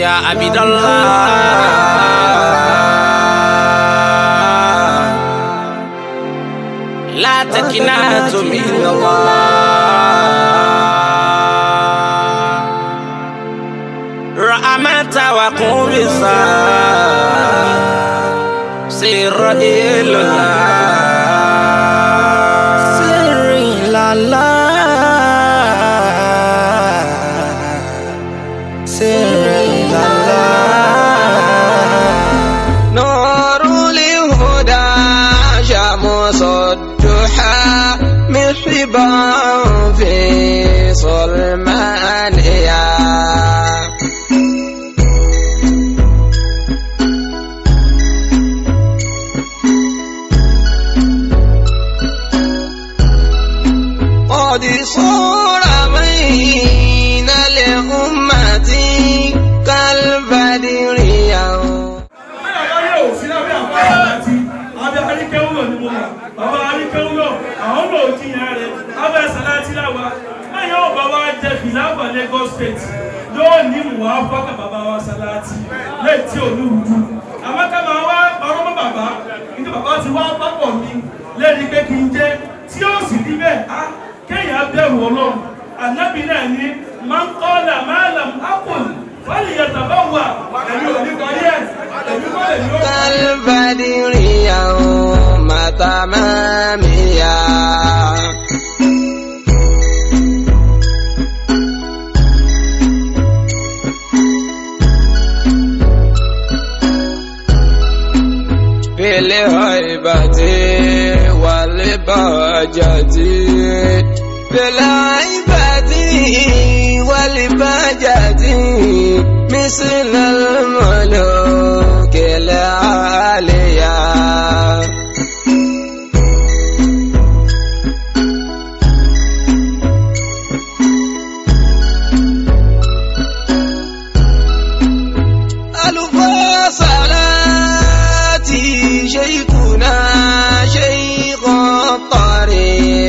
يا عبد الله لا تكناتم من الله رحمة وقوم سر إلى الله الدحى محبا في صلمانيا قد صور بين لأمتي كالبدر kúrò nínú wọn bàbá aríkẹ́wúyọ̀ àwọn náà ò jiyàn rẹ̀ abẹ́ sàlátì làwà lẹ́yìn àwọn bàbá jẹ kìláàbà Lagos state yóò ní ìwà fọ́kà bàbá wa sàlátì lẹ́yìn tí ò ní wùdú àmọ́ ká máa wá parọ́ mọ́ bàbá nígbà bàbá ti wá pápọ̀ mi lẹ́ni pé kí n jẹ́ tí ó sì rí bẹ́ẹ̀ á kéèyàn bẹ̀rù ọlọ́run ànábì náà ní máa ń kọ́ là máa làm ápòl fọ́lì yàtọ̀ bá wà ẹ̀mí ò ní parí ẹ̀ ẹ̀mí kọ́ lè ní ó parí. تماميا في الهيبة والبهجة في الهيبة party